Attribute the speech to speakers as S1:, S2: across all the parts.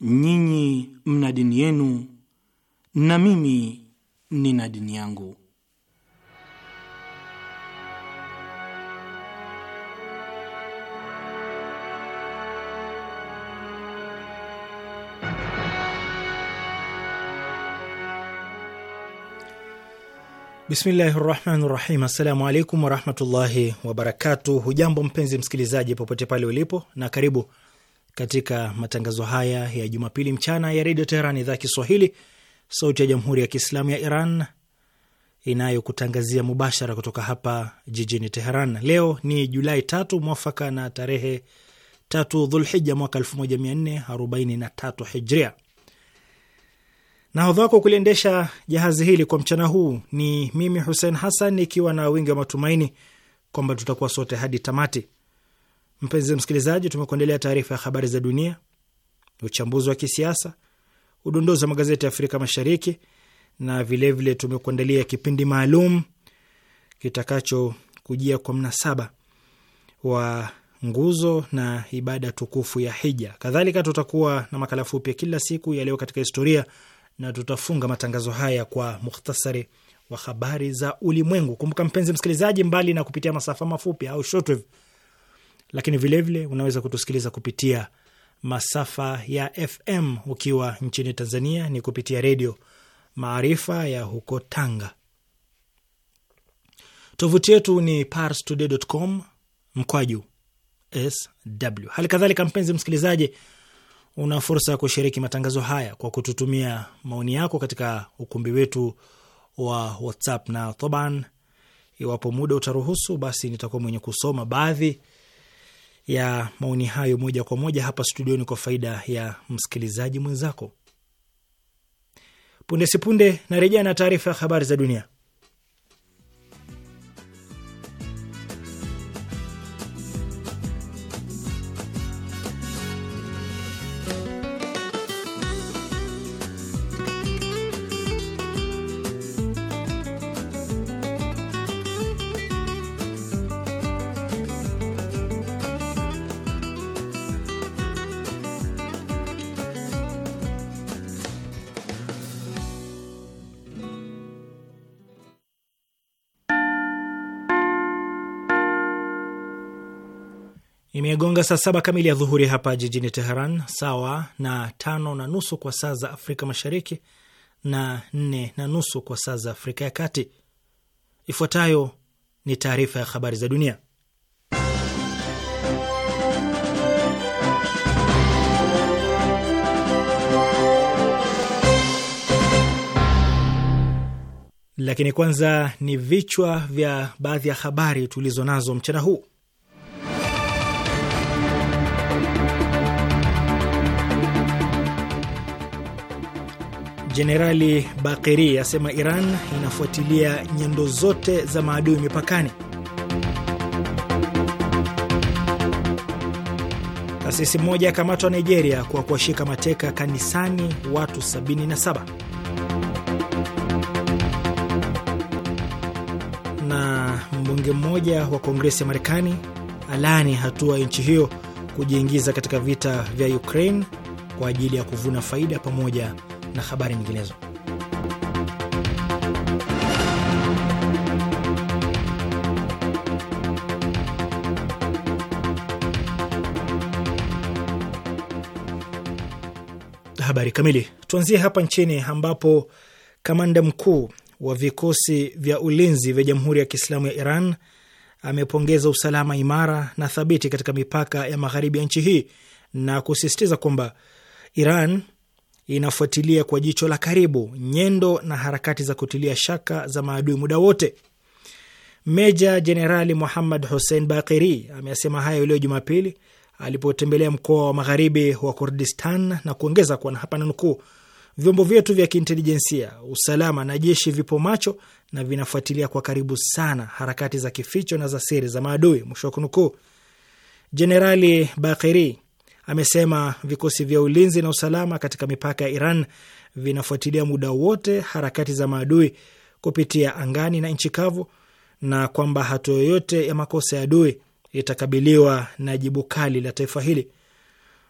S1: nyinyi mna dini yenu na mimi nina dini yangu. Bismillahi rahmani rahim. Assalamu alaikum warahmatullahi wabarakatuh. Hujambo mpenzi msikilizaji, popote pale ulipo, na karibu katika matangazo haya ya Jumapili mchana ya Redio Teheran, idhaa Kiswahili, sauti ya Jamhuri ya Kiislamu ya Iran inayokutangazia mubashara kutoka hapa jijini Teheran. Leo ni Julai tatu mwafaka na tarehe tatu Dhulhija mwaka tatu Hijria. Nahodha wako kuliendesha jahazi hili kwa mchana huu ni mimi Hussein Hassan, ikiwa na wingi wa matumaini kwamba tutakuwa sote hadi tamati. Mpenzi msikilizaji, tumekuandalia taarifa ya habari za dunia, uchambuzi wa kisiasa, udondozi wa magazeti ya Afrika Mashariki na vilevile tumekuandalia kipindi maalum kitakacho kujia kwa mnasaba wa nguzo na ibada tukufu ya hija. Kadhalika tutakuwa na makala fupi kila siku ya leo katika historia, na tutafunga matangazo haya kwa mukhtasari wa habari za ulimwengu. Kumbuka mpenzi msikilizaji, mbali na kupitia masafa mafupi au shortwave lakini vilevile unaweza kutusikiliza kupitia masafa ya FM ukiwa nchini Tanzania ni kupitia redio Maarifa ya huko Tanga. Tovuti yetu ni parstoday.com mkwaju sw. Hali kadhalika, mpenzi msikilizaji, una fursa ya kushiriki matangazo haya kwa kututumia maoni yako katika ukumbi wetu wa WhatsApp na Thoban. Iwapo muda utaruhusu, basi nitakuwa mwenye kusoma baadhi ya maoni hayo moja kwa moja hapa studioni kwa faida ya msikilizaji mwenzako. Punde sipunde narejea na taarifa ya habari za dunia. Imegonga saa saba kamili ya dhuhuri hapa jijini Teheran, sawa na tano na nusu kwa saa za Afrika Mashariki na nne na nusu kwa saa za Afrika ya Kati. Ifuatayo ni taarifa ya habari za dunia, lakini kwanza ni vichwa vya baadhi ya habari tulizo nazo mchana huu. Jenerali Bakeri asema Iran inafuatilia nyendo zote za maadui mipakani. Taasisi moja yakamatwa Nigeria kwa kuwashika mateka kanisani watu 77. Na mbunge mmoja wa Kongresi ya Marekani alaani hatua ya nchi hiyo kujiingiza katika vita vya Ukraine kwa ajili ya kuvuna faida pamoja na habari nyinginezo. Habari kamili tuanzie hapa nchini ambapo kamanda mkuu wa vikosi vya ulinzi vya Jamhuri ya Kiislamu ya Iran amepongeza usalama imara na thabiti katika mipaka ya magharibi ya nchi hii na kusisitiza kwamba Iran inafuatilia kwa jicho la karibu nyendo na harakati za kutilia shaka za maadui muda wote. Meja Jenerali Muhammad Hussein Bakiri amesema hayo leo Jumapili alipotembelea mkoa wa magharibi wa Kurdistan na kuongeza kuwa, na hapa nanukuu, vyombo vyetu vya kiintelijensia, usalama na jeshi vipo macho na vinafuatilia kwa karibu sana harakati za kificho na za siri za maadui, mwisho wa kunukuu. Jenerali Bakiri amesema vikosi vya ulinzi na usalama katika mipaka ya Iran vinafuatilia muda wote harakati za maadui kupitia angani na nchi kavu, na kwamba hatua yoyote ya makosa ya adui itakabiliwa na jibu kali la taifa hili.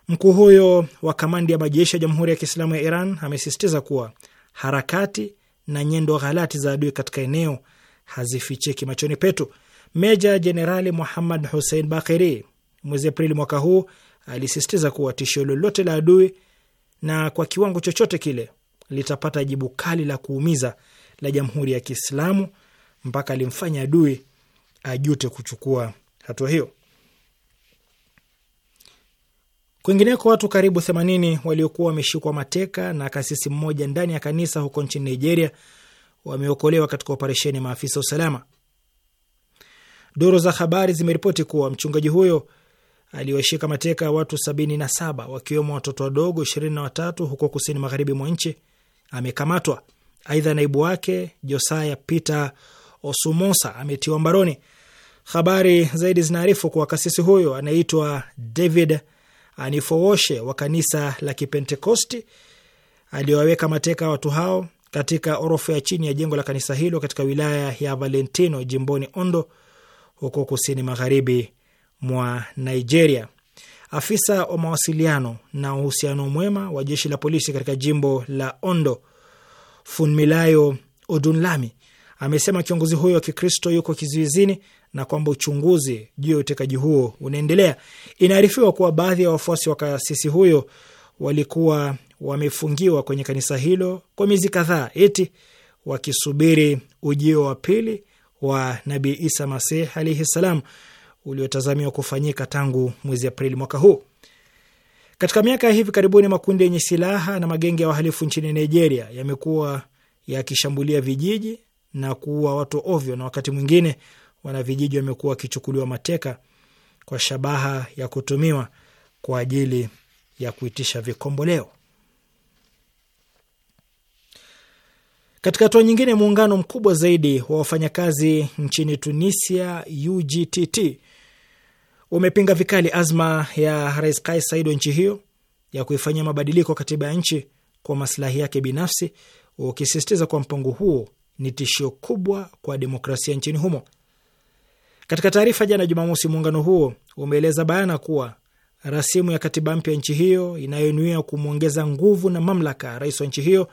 S1: Mkuu huyo wa kamandi ya majeshi ya Jamhuri ya Kiislamu ya Iran amesisitiza kuwa harakati na nyendo ghalati za adui katika eneo hazifichiki machoni petu. Meja Jenerali Muhammad Hussein Bakiri mwezi Aprili mwaka huu alisisitiza kuwa tishio lolote la adui na kwa kiwango chochote kile litapata jibu kali la kuumiza la Jamhuri ya Kiislamu mpaka alimfanya adui ajute kuchukua hatua hiyo. Kwingineko, watu karibu 80 waliokuwa wameshikwa mateka na kasisi mmoja ndani ya kanisa huko nchini Nigeria wameokolewa katika operesheni maafisa usalama. Doro za habari zimeripoti kuwa mchungaji huyo aliwashika mateka watu sabini na saba wakiwemo watoto wadogo ishirini na watatu huko kusini magharibi mwa nchi amekamatwa. Aidha, naibu wake Josaya Peter Osumosa ametiwa mbaroni. Habari zaidi zinaarifu kuwa kasisi huyo anaitwa David Anifowoshe wa kanisa la Kipentekosti aliyowaweka mateka watu hao katika orofu ya chini ya jengo la kanisa hilo katika wilaya ya Valentino jimboni Ondo huko kusini magharibi mwa Nigeria. Afisa wa mawasiliano na uhusiano mwema wa jeshi la polisi katika jimbo la Ondo, Funmilayo Odunlami, amesema kiongozi huyo wa Kikristo yuko kizuizini na kwamba uchunguzi juu ya utekaji huo unaendelea. Inaarifiwa kuwa baadhi ya wafuasi wa kasisi huyo walikuwa wamefungiwa kwenye kanisa hilo kwa miezi kadhaa, eti wakisubiri ujio wa pili wa Nabii Isa Masih alaihi ssalam uliotazamiwa kufanyika tangu mwezi Aprili mwaka huu. Katika miaka ya hivi karibuni, makundi yenye silaha na magenge ya wahalifu nchini Nigeria yamekuwa yakishambulia vijiji na kuua watu ovyo, na wakati mwingine wana vijiji wamekuwa wakichukuliwa mateka kwa shabaha ya kutumiwa kwa ajili ya kuitisha vikomboleo. Katika hatua nyingine, muungano mkubwa zaidi wa wafanyakazi nchini Tunisia, UGTT, umepinga vikali azma ya Rais Kais Saied wa nchi hiyo ya kuifanyia mabadiliko katiba ya nchi kwa maslahi yake binafsi, ukisisitiza kwa mpango huo ni tishio kubwa kwa demokrasia nchini humo. Katika taarifa jana Jumamosi, muungano huo umeeleza bayana kuwa rasimu ya katiba mpya nchi hiyo inayonuia kumwongeza nguvu na mamlaka rais wa nchi hiyo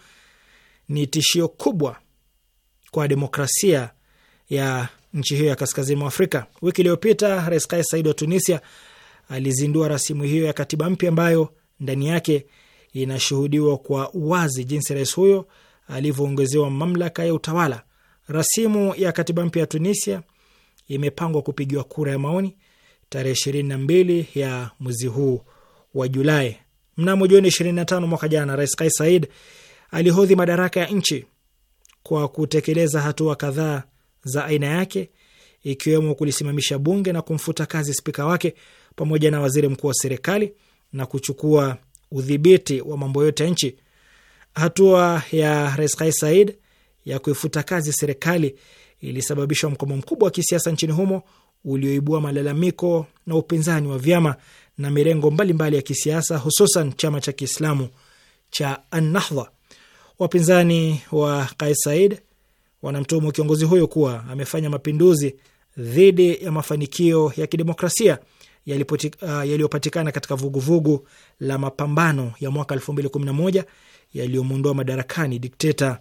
S1: ni tishio kubwa kwa demokrasia ya nchi hiyo ya kaskazini mwa Afrika. Wiki iliyopita Rais Kais Said wa Tunisia alizindua rasimu hiyo ya katiba mpya ambayo ndani yake inashuhudiwa kwa wazi jinsi rais huyo alivyoongezewa mamlaka ya utawala. Rasimu ya katiba mpya ya Tunisia imepangwa kupigiwa kura ya maoni tarehe ishirini na mbili ya mwezi huu wa Julai. Mnamo Juni ishirini na tano mwaka jana, Rais Kais Said alihodhi madaraka ya nchi kwa kutekeleza hatua kadhaa za aina yake ikiwemo kulisimamisha bunge na kumfuta kazi spika wake pamoja na waziri mkuu wa serikali na kuchukua udhibiti wa mambo yote ya nchi. Hatua ya Rais Kais Saied ya kuifuta kazi serikali ilisababisha mkomo mkubwa wa kisiasa nchini humo ulioibua malalamiko na upinzani wa vyama na mirengo mbalimbali mbali ya kisiasa, hususan chama cha Kiislamu cha Annahdha. Wapinzani wa Kais Saied wanamtuhumu kiongozi huyo kuwa amefanya mapinduzi dhidi ya mafanikio ya kidemokrasia uh, yaliyopatikana uh, katika vuguvugu vugu la mapambano ya mwaka 2011 yaliyomwondoa madarakani dikteta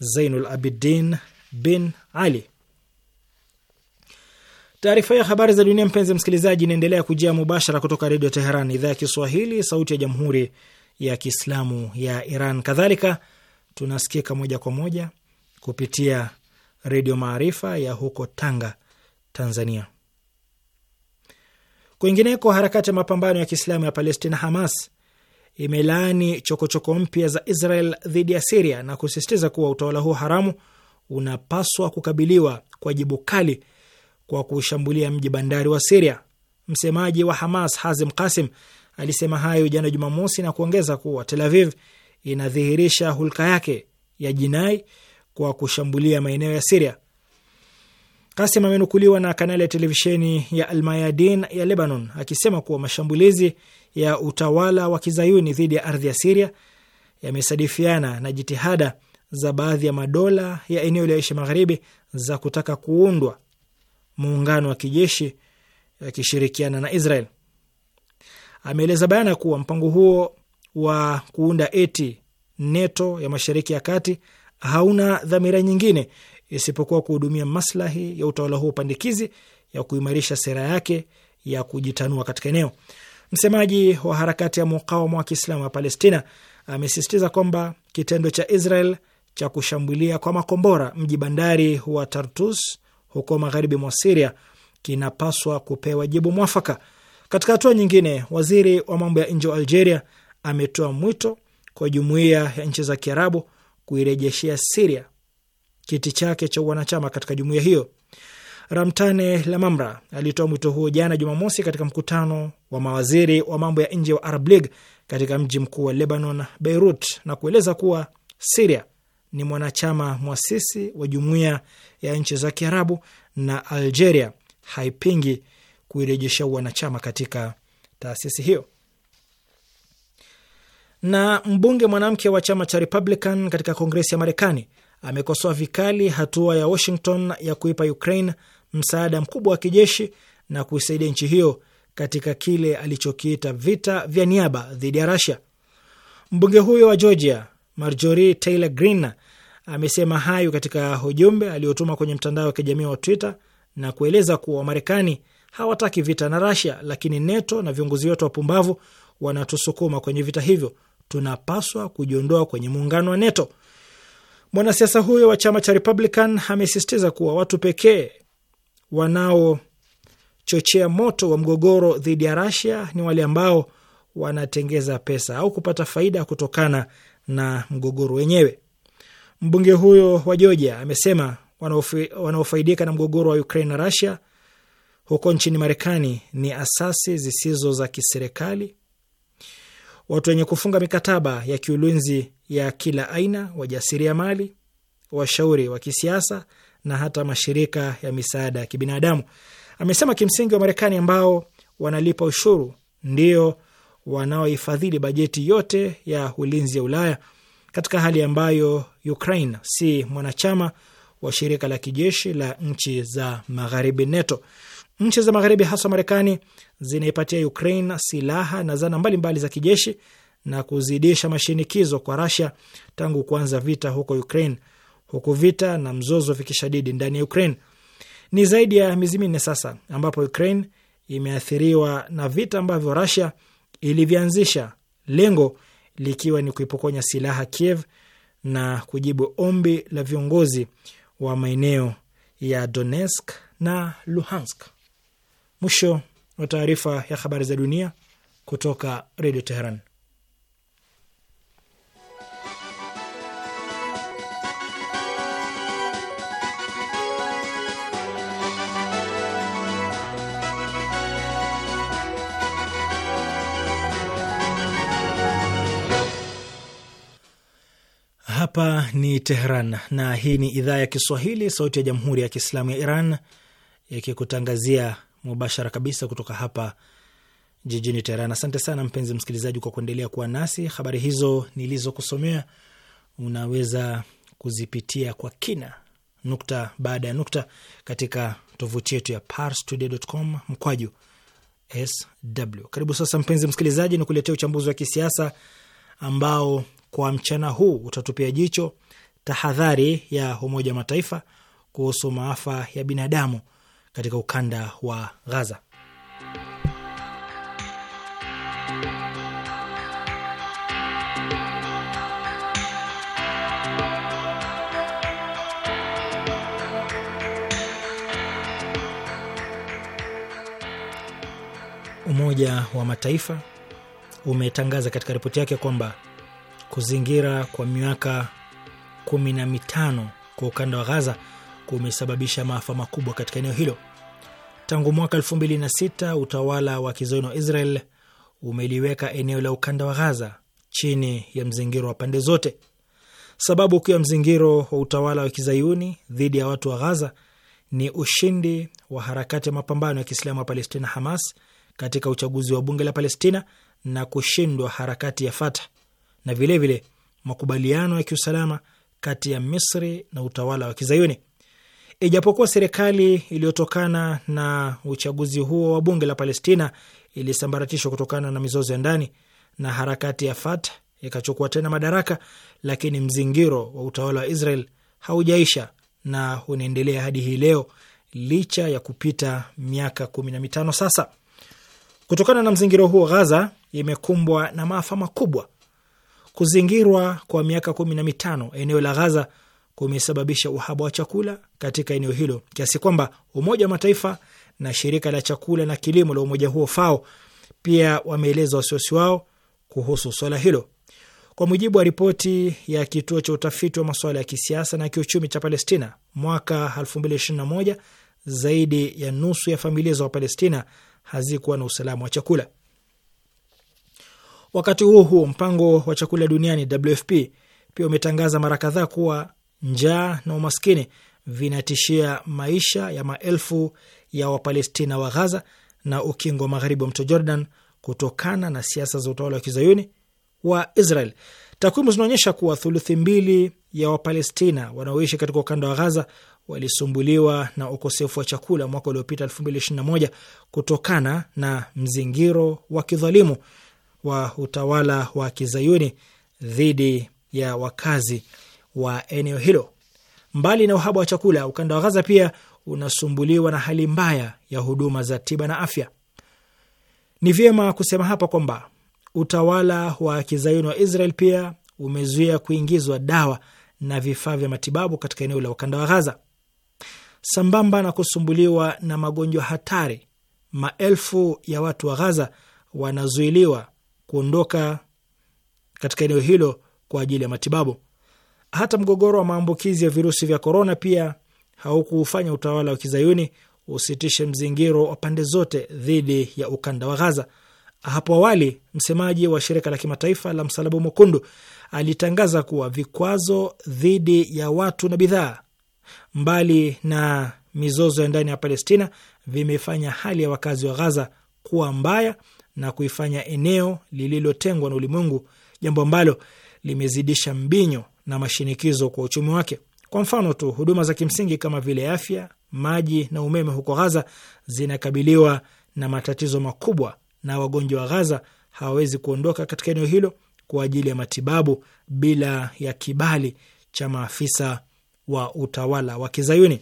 S1: Zainul Abidin bin Ali. Taarifa ya habari za dunia, mpenzi msikilizaji, inaendelea kujia mubashara kutoka Redio Teheran, idhaa ya Kiswahili, sauti ya Jamhuri ya Kiislamu ya Iran. Kadhalika tunasikika moja kwa moja kupitia Redio Maarifa ya huko Tanga, Tanzania. Kwingineko, harakati ya mapambano ya Kiislamu ya Palestina, Hamas, imelaani chokochoko mpya za Israel dhidi ya Siria na kusisitiza kuwa utawala huo haramu unapaswa kukabiliwa kwa jibu kali kwa kushambulia mji bandari wa Siria. Msemaji wa Hamas Hazim Kasim alisema hayo jana Jumamosi na kuongeza kuwa Tel Aviv inadhihirisha hulka yake ya jinai kwa kushambulia maeneo ya Siria. Kasim amenukuliwa na kanali ya televisheni ya Almayadin ya Lebanon akisema kuwa mashambulizi ya utawala wa kizayuni dhidi ya ardhi ya Siria yamesadifiana na jitihada za baadhi ya madola ya eneo la Asia Magharibi za kutaka kuundwa muungano wa kijeshi yakishirikiana na Israel. Ameeleza bayana kuwa mpango huo wa kuunda eti NATO ya Mashariki ya Kati hauna dhamira nyingine isipokuwa kuhudumia maslahi ya utawala huo pandikizi ya kuimarisha sera yake ya kujitanua katika eneo. Msemaji wa harakati ya mukawama wa Kiislamu wa Palestina amesisitiza kwamba kitendo cha Israel cha kushambulia kwa makombora mji bandari wa Tartus huko magharibi mwa Siria kinapaswa kupewa jibu mwafaka. Katika hatua nyingine, waziri wa mambo ya nje wa Algeria ametoa mwito kwa jumuiya ya nchi za Kiarabu kuirejeshea Siria kiti chake cha wanachama katika jumuiya hiyo. Ramtane Lamamra alitoa mwito huo jana Jumamosi katika mkutano wa mawaziri wa mambo ya nje wa Arab League katika mji mkuu wa Lebanon, Beirut, na kueleza kuwa Siria ni mwanachama mwasisi wa jumuiya ya nchi za Kiarabu na Algeria haipingi kuirejesha wanachama katika taasisi hiyo. Na mbunge mwanamke wa chama cha Republican katika Kongresi ya Marekani amekosoa vikali hatua ya Washington ya kuipa Ukraine msaada mkubwa wa kijeshi na kuisaidia nchi hiyo katika kile alichokiita vita vya niaba dhidi ya Russia. Mbunge huyo wa Georgia, Marjorie Taylor Greene, amesema hayo katika ujumbe aliotuma kwenye mtandao wa kijamii wa Twitter na kueleza kuwa Wamarekani hawataki vita na Russia, lakini NATO na viongozi wetu wapumbavu wanatusukuma kwenye vita hivyo tunapaswa kujiondoa kwenye muungano wa NATO. Mwanasiasa huyo wa chama cha Republican amesisitiza kuwa watu pekee wanaochochea moto wa mgogoro dhidi ya Russia ni wale ambao wanatengeza pesa au kupata faida kutokana na mgogoro wenyewe. Mbunge huyo wa Georgia amesema wanaofaidika na mgogoro wa Ukraine na Russia huko nchini Marekani ni asasi zisizo za kiserikali watu wenye kufunga mikataba ya kiulinzi ya kila aina, wajasiriamali, washauri wa kisiasa na hata mashirika ya misaada ya kibinadamu. Amesema kimsingi wa Marekani ambao wanalipa ushuru ndio wanaoifadhili bajeti yote ya ulinzi ya Ulaya katika hali ambayo Ukraine si mwanachama wa shirika la kijeshi la nchi za magharibi NATO. Nchi za Magharibi, hasa Marekani, zinaipatia Ukraine silaha na zana mbalimbali mbali za kijeshi na kuzidisha mashinikizo kwa Russia tangu kuanza vita huko Ukraine, huku vita na mzozo vikishadidi ndani ya Ukraine. Ni zaidi ya miezi minne sasa ambapo Ukraine imeathiriwa na vita ambavyo Russia ilivyanzisha, lengo likiwa ni kuipokonya silaha Kiev na kujibu ombi la viongozi wa maeneo ya Donetsk na Luhansk. Mwisho wa taarifa ya habari za dunia kutoka Redio Teheran. Hapa ni Tehran na hii ni idhaa ya Kiswahili, sauti ya jamhuri ya kiislamu ya Iran, yakikutangazia mubashara kabisa kutoka hapa jijini Teheran. Asante sana mpenzi msikilizaji kwa kuendelea kuwa nasi. Habari hizo nilizokusomea unaweza kuzipitia kwa kina nukta baada ya nukta katika tovuti yetu ya parstoday.com mkwaju sw. Karibu sasa, mpenzi msikilizaji, ni kuletea uchambuzi wa kisiasa ambao kwa mchana huu utatupia jicho tahadhari ya Umoja wa Mataifa kuhusu maafa ya binadamu katika ukanda wa Gaza. Umoja wa Mataifa umetangaza katika ripoti yake kwamba kuzingira kwa miaka kumi na mitano kwa ukanda wa Gaza kumesababisha maafa makubwa katika eneo hilo. Tangu mwaka elfu mbili na sita utawala wa kizayuni wa Israel umeliweka eneo la ukanda wa Ghaza chini ya mzingiro wa pande zote. Sababu kuu ya mzingiro wa utawala wa kizayuni dhidi ya watu wa Ghaza ni ushindi wa harakati ya mapambano ya kiislamu wa Palestina, Hamas, katika uchaguzi wa bunge la Palestina na kushindwa harakati ya Fatah na vilevile vile, makubaliano ya kiusalama kati ya Misri na utawala wa kizayuni. Ijapokuwa serikali iliyotokana na uchaguzi huo wa bunge la Palestina ilisambaratishwa kutokana na mizozo ya ndani na harakati ya Fatah ikachukua tena madaraka, lakini mzingiro wa utawala wa Israel haujaisha na unaendelea hadi hii leo licha ya kupita miaka kumi na mitano sasa. Kutokana na mzingiro huo, Ghaza imekumbwa na maafa makubwa. Kuzingirwa kwa miaka kumi na mitano eneo la Ghaza kumesababisha uhaba wa chakula katika eneo hilo kiasi kwamba Umoja wa Mataifa na shirika la chakula na kilimo la umoja huo FAO pia wameeleza wasiwasi wao kuhusu swala hilo. Kwa mujibu wa ripoti ya kituo cha utafiti wa masuala ya kisiasa na kiuchumi cha Palestina mwaka 2021, zaidi ya nusu ya familia za Wapalestina hazikuwa na usalama wa chakula. Wakati huo huo, mpango wa chakula duniani WFP pia umetangaza mara kadhaa kuwa njaa na umaskini vinatishia maisha ya maelfu ya Wapalestina wa Ghaza na ukingo wa magharibi wa mto Jordan kutokana na siasa za utawala wa kizayuni wa Israel. Takwimu zinaonyesha kuwa thuluthi mbili ya Wapalestina wanaoishi katika ukanda wa Ghaza walisumbuliwa na ukosefu wa chakula mwaka uliopita 2021 kutokana na mzingiro wa kidhalimu wa utawala wa kizayuni dhidi ya wakazi wa eneo hilo. Mbali na uhaba wa chakula, ukanda wa Ghaza pia unasumbuliwa na hali mbaya ya huduma za tiba na afya. Ni vyema kusema hapa kwamba utawala wa kizayuni wa Israel pia umezuia kuingizwa dawa na vifaa vya matibabu katika eneo la ukanda wa Ghaza. Sambamba na kusumbuliwa na magonjwa hatari, maelfu ya watu wa Ghaza wanazuiliwa kuondoka katika eneo hilo kwa ajili ya matibabu. Hata mgogoro wa maambukizi ya virusi vya korona pia haukuufanya utawala wa kizayuni usitishe mzingiro wa pande zote dhidi ya ukanda wa Ghaza. Hapo awali msemaji wa shirika la kimataifa la Msalaba Mwekundu alitangaza kuwa vikwazo dhidi ya watu na bidhaa, mbali na mizozo ya ndani ya Palestina, vimefanya hali ya wakazi wa Ghaza kuwa mbaya na kuifanya eneo lililotengwa na ulimwengu, jambo ambalo limezidisha mbinyo na mashinikizo kwa uchumi wake. Kwa mfano tu, huduma za kimsingi kama vile afya, maji na umeme huko Ghaza zinakabiliwa na matatizo makubwa, na wagonjwa wa Ghaza hawawezi kuondoka katika eneo hilo kwa ajili ya matibabu bila ya kibali cha maafisa wa utawala wa Kizayuni.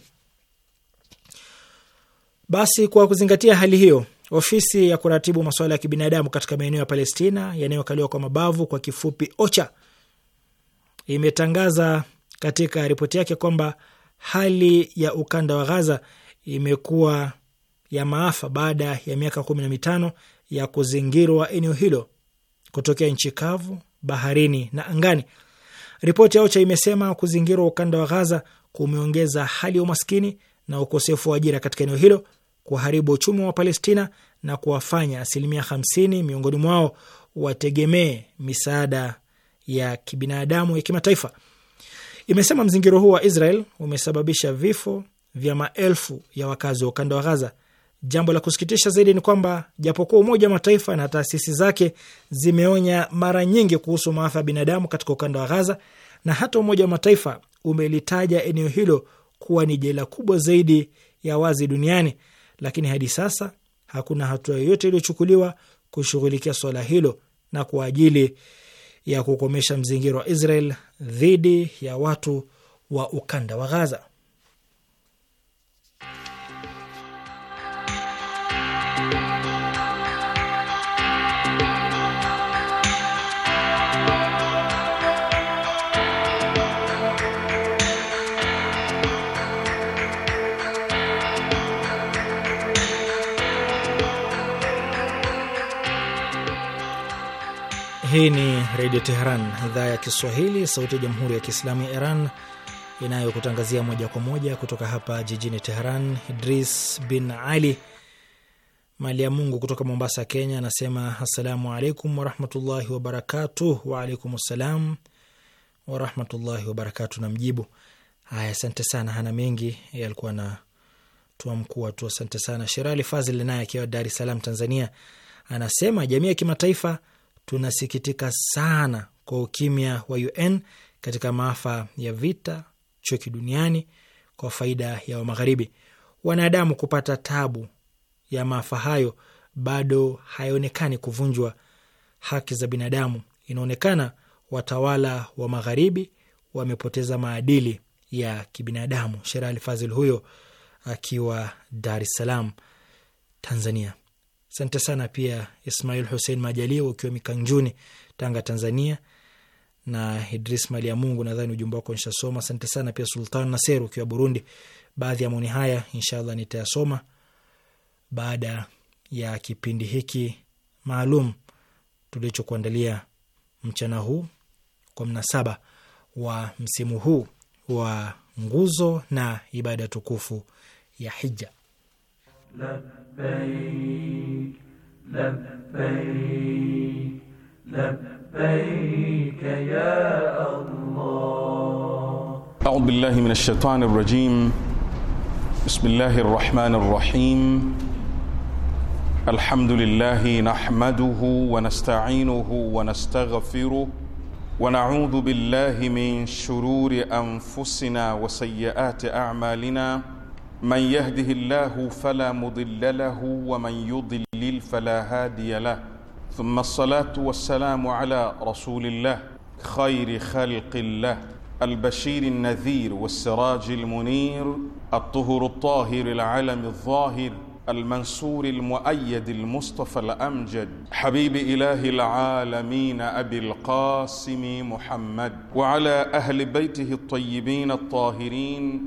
S1: Basi kwa kuzingatia hali hiyo, ofisi ya kuratibu masuala ya kibinadamu katika maeneo ya Palestina yanayokaliwa kwa mabavu, kwa kifupi OCHA, imetangaza katika ripoti yake kwamba hali ya ukanda wa Ghaza imekuwa ya maafa baada ya miaka kumi na mitano ya kuzingirwa eneo hilo kutokea nchi kavu, baharini na angani. Ripoti ya OCHA imesema kuzingirwa ukanda wa Ghaza kumeongeza hali ya umaskini na ukosefu wa ajira katika eneo hilo, kuharibu uchumi wa Palestina na kuwafanya asilimia hamsini miongoni mwao wategemee misaada ya kibinadamu ya kimataifa. Imesema mzingiro huu wa Israel umesababisha vifo vya maelfu ya wakazi wa ukanda wa Gaza. Jambo la kusikitisha zaidi ni kwamba japokuwa Umoja wa Mataifa na taasisi zake zimeonya mara nyingi kuhusu maafa ya binadamu katika ukanda wa Gaza, na hata Umoja wa Mataifa umelitaja eneo hilo kuwa ni jela kubwa zaidi ya wazi duniani, lakini hadi sasa hakuna hatua yoyote iliyochukuliwa kushughulikia swala hilo na kwa ajili ya kukomesha mzingiro wa Israel dhidi ya watu wa ukanda wa Ghaza. Hii ni Redio Teheran, idhaa ya Kiswahili, sauti ya Jamhuri ya Kiislamu ya Iran inayokutangazia moja kwa moja kutoka hapa jijini Teheran. Idris bin Ali mali ya Mungu kutoka Mombasa, Kenya, anasema assalamu alaikum warahmatullahi wabarakatuh. Waalaikum salam warahmatullahi Na mjibu haya, asante sana. Hana mengi yalikuwa na tuamkua tu, asante sana. Sherali Fazil naye akiwa Dar es Salaam, Tanzania, anasema jamii ya kimataifa tunasikitika sana kwa ukimya wa UN katika maafa ya vita, chuki duniani kwa faida ya Wamagharibi. Wanadamu kupata tabu ya maafa hayo bado hayaonekani kuvunjwa haki za binadamu. Inaonekana watawala wa Magharibi wamepoteza maadili ya kibinadamu. Sherali Fazil huyo akiwa Dar es Salaam, Tanzania. Asante sana pia Ismail Hussein Majaliwa ukiwa Mikanjuni, Tanga, Tanzania, na Idris Mali ya Mungu, nadhani ujumbe wako nishasoma. Asante sana pia Sultan Naser ukiwa Burundi. Baadhi ya maoni haya inshallah nitayasoma baada ya kipindi hiki maalum tulichokuandalia mchana huu kwa mnasaba wa msimu huu wa nguzo na ibada tukufu ya hija.
S2: Labbaik لبيك لبيك يا الله
S3: أعوذ بالله من الشيطان الرجيم بسم الله الرحمن الرحيم الحمد لله نحمده ونستعينه ونستغفره ونعوذ بالله من شرور انفسنا وسيئات اعمالنا من يهده الله فلا مضل له ومن يضل يضلل فلا هادي له ثم الصلاه والسلام على رسول الله خير خلق الله البشير النذير والسراج المنير الطهر الطاهر العلم الظاهر المنصور المؤيد المصطفى الامجد حبيب اله العالمين ابي القاسم محمد وعلى اهل بيته الطيبين الطاهرين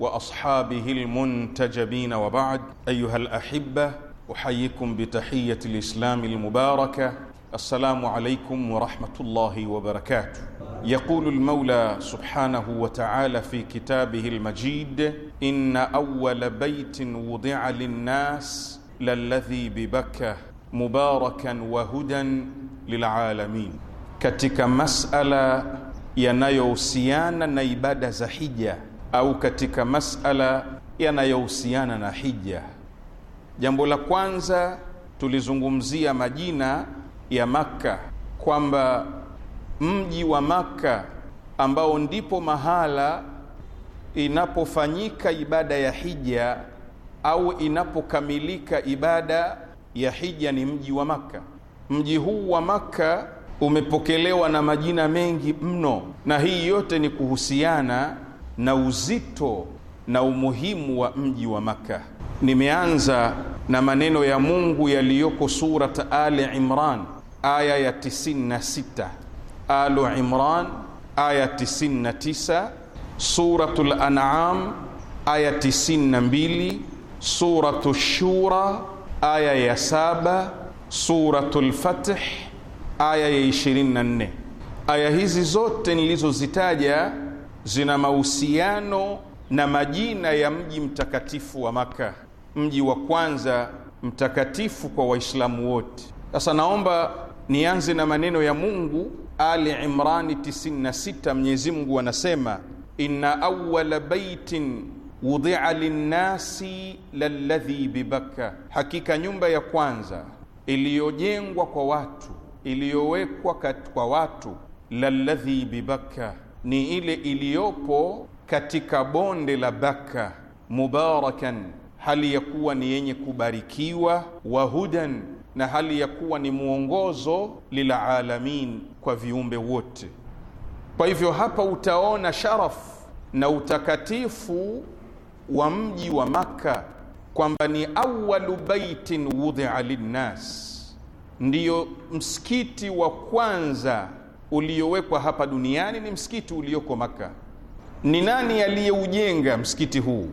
S3: واصحابه المنتجبين وبعد ايها الاحبه احييكم بتحيه الاسلام المباركه السلام عليكم ورحمه الله وبركاته يقول المولى سبحانه وتعالى في كتابه المجيد ان اول بيت وضع للناس للذي ببكه مباركا وهدى للعالمين كتك مساله masala yanayohusiana na او كتك مساله au katika Jambo la kwanza tulizungumzia majina ya Makka, kwamba mji wa Makka ambao ndipo mahala inapofanyika ibada ya hija au inapokamilika ibada ya hija ni mji wa Makka. Mji huu wa Makka umepokelewa na majina mengi mno, na hii yote ni kuhusiana na uzito na umuhimu wa mji wa Makka nimeanza na maneno ya Mungu yaliyoko Surat Ali Imran aya ya 96, Alu Imran aya 99, Suratul lanam aya 92, Suratu Shura aya ya saba, Suratul Fath aya ya 24. Aya hizi zote nilizozitaja zina mahusiano na majina ya mji mtakatifu wa Maka, mji wa kwanza mtakatifu kwa Waislamu wote. Sasa naomba nianze na maneno ya Mungu, Ali Imrani 96. Mwenyezi Mungu anasema, inna awwala baitin wudia linnasi lalladhi bibakka, hakika nyumba ya kwanza iliyojengwa kwa watu iliyowekwa kwa watu, lalladhi bibakka, ni ile iliyopo katika bonde la Baka, mubarakan, hali ya kuwa ni yenye kubarikiwa, wa hudan, na hali ya kuwa ni mwongozo lilalamin, kwa viumbe wote. Kwa hivyo hapa utaona sharaf na utakatifu wa mji wa Makka kwamba ni awalu baitin wudhia linnas, ndiyo msikiti wa kwanza uliowekwa hapa duniani, ni msikiti ulioko Makka ni nani aliyeujenga msikiti huu?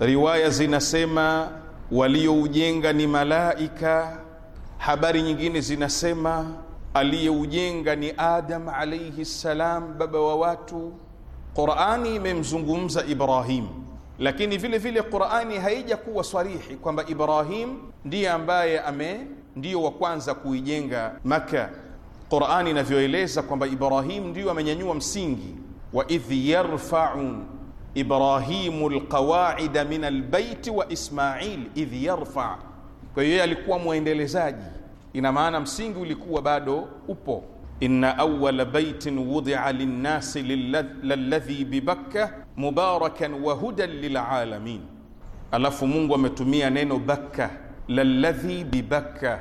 S3: Riwaya zinasema walioujenga ni malaika, habari nyingine zinasema aliyeujenga ni Adam alayhi salam, baba wa watu. Qurani imemzungumza Ibrahim, lakini vile vile Qurani kuwa swarihi kwamba Ibrahim ndiye ambaye ame ndiyo wa kwanza kuijenga Maka. Qurani inavyoeleza kwamba Ibrahim ndiyo amenyanyua msingi waidh yarfau Ibrahimu lqawaida min albaiti wa Ismail idh yarfa. Kwa hiyo yeye alikuwa mwendelezaji, ina maana msingi ulikuwa bado upo. Inna awala baitin wudia linnasi lalladhi bibakka mubarakan wa hudan lilalamin. Alafu Mungu ametumia neno bakka, lalladhi bibakka.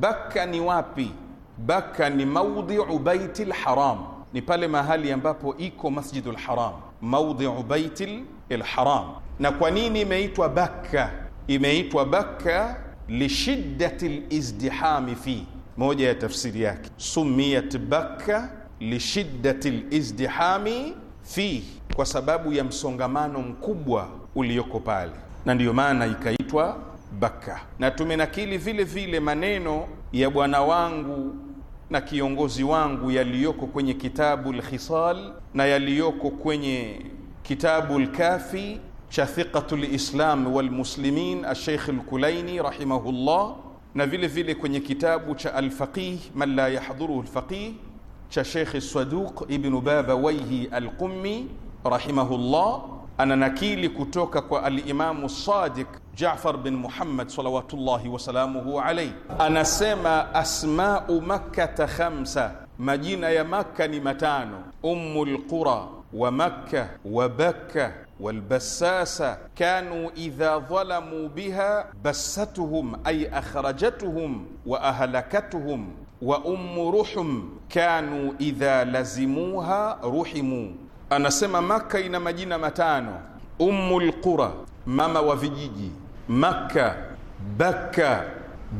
S3: Bakka ni wapi? Bakka ni maudhiu baiti lharam ni pale mahali ambapo iko Masjidul Haram, maudhiu baitil lharam. Na kwa nini imeitwa Bakka? Imeitwa Bakka lishiddati lizdihami fi, moja ya tafsiri yake, sumiyat Bakka lishiddati lizdihami fi, kwa sababu ya msongamano mkubwa ulioko pale, na ndiyo maana ikaitwa Bakka. Na tumenakili vile vile maneno ya bwana wangu na kiongozi wangu yaliyoko kwenye kitabu Lkhisal na yaliyoko kwenye kitabu Lkafi cha Thiqatu Lislam Walmuslimin Asheikh Lkulaini rahimahullah, na vile vile kwenye kitabu cha Alfaqih man la yahdhuruhu lfaqih cha Sheikh Saduq Ibnu Babawaihi Alqummi rahimahullah ananakili kutoka kwa alimamu Sadiq Jafar bin Muhammad salawatullahi wasalamuhu alaihi, anasema asmau makkata khamsa, majina ya Makka ni matano: ummu lqura wa Makka wa Bakka walbasasa kanu idha dhalamuu biha bassatuhum ay akhrajatuhum wa ahlakatuhum wa ummu ruhum kanu idha lazimuha ruhimu anasema Makka ina majina matano: ummu lqura mama wa vijiji, Makka, Bakka,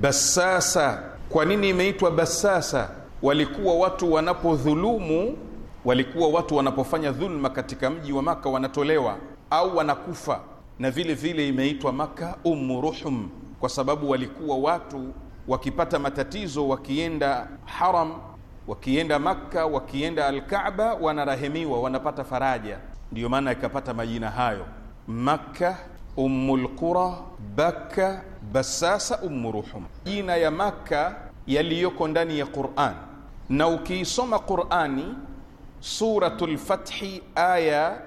S3: Basasa. Kwa nini imeitwa Basasa? Walikuwa watu wanapodhulumu, walikuwa watu wanapofanya dhulma katika mji wa Makka wanatolewa au wanakufa, na vile vile imeitwa Makka Ummu Ruhum kwa sababu walikuwa watu wakipata matatizo wakienda haram wakienda Makka, wakienda Alkaaba wanarahemiwa, wanapata faraja. Ndiyo maana ikapata majina hayo: Makka, Ummul Bakka, Basasa, Ummu Ruhum, jina ya Makka yaliyoko ndani ya Quran. Na ukiisoma Qurani Suratul Lfathi aya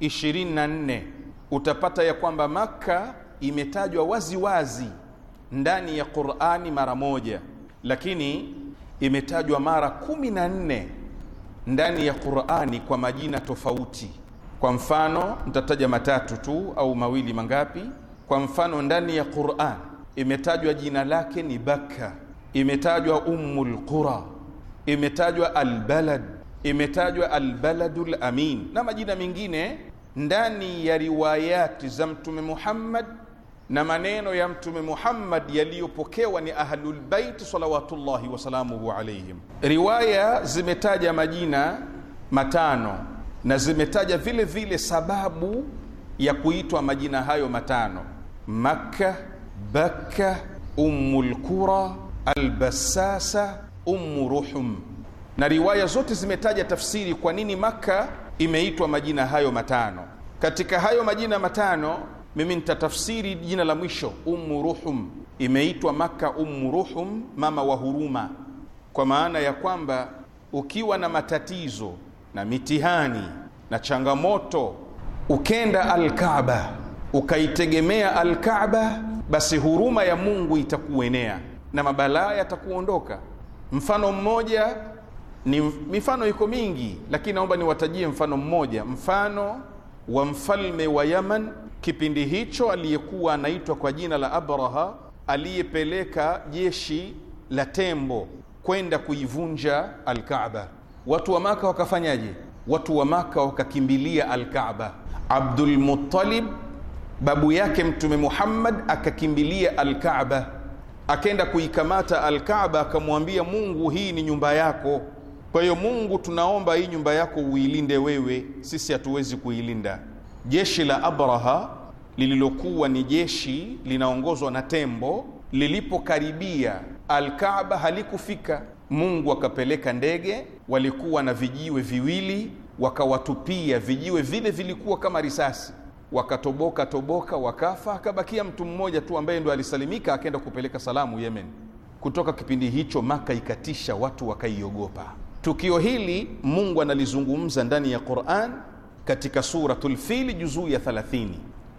S3: 24 utapata ya kwamba Makka imetajwa waziwazi ndani ya Qurani mara moja, lakini imetajwa mara kumi na nne ndani ya Qur'ani kwa majina tofauti. Kwa mfano nitataja matatu tu au mawili, mangapi? Kwa mfano ndani ya Qur'an imetajwa jina lake ni Bakka, imetajwa Ummul Qura, imetajwa Albalad, imetajwa Albaladul Amin na majina mengine ndani ya riwayati za Mtume Muhammad na maneno ya Mtume Muhammad yaliyopokewa ni Ahlulbaiti salawatullahi wasalamuhu alaihim. Riwaya zimetaja majina matano na zimetaja vile vile sababu ya kuitwa majina hayo matano: Makka, Bakka, Ummul Qura, Albasasa, Ummu Ruhum. Na riwaya zote zimetaja tafsiri kwa nini Makka imeitwa majina hayo matano. Katika hayo majina matano mimi nitatafsiri jina la mwisho Ummu Ruhum. Imeitwa Maka Ummu Ruhum, mama wa huruma, kwa maana ya kwamba ukiwa na matatizo na mitihani na changamoto, ukenda Alkaaba ukaitegemea Alkaaba, basi huruma ya Mungu itakuenea na mabalaa yatakuondoka. Mfano mmoja ni mifano iko mingi, lakini naomba niwatajie mfano mmoja, mfano wa mfalme wa Yaman kipindi hicho, aliyekuwa anaitwa kwa jina la Abraha, aliyepeleka jeshi la tembo kwenda kuivunja Alkaaba. Watu wa Maka wakafanyaje? Watu wa Maka wakakimbilia Alkaaba. Abdul Muttalib babu yake Mtume Muhammad akakimbilia Alkaaba, akenda kuikamata Alkaaba, akamwambia Mungu, hii ni nyumba yako kwa hiyo Mungu, tunaomba hii nyumba yako uilinde wewe, sisi hatuwezi kuilinda. Jeshi la Abraha lililokuwa ni jeshi linaongozwa na tembo, lilipokaribia Alkaaba halikufika. Mungu akapeleka ndege, walikuwa na vijiwe viwili, wakawatupia vijiwe vile, vilikuwa kama risasi, wakatoboka toboka, wakafa. Akabakia mtu mmoja tu ambaye ndo alisalimika, akaenda kupeleka salamu Yemen. Kutoka kipindi hicho Maka ikatisha, watu wakaiogopa. Tukio hili Mungu analizungumza ndani ya Qur'an katika suratul Fil juzuu ya 30,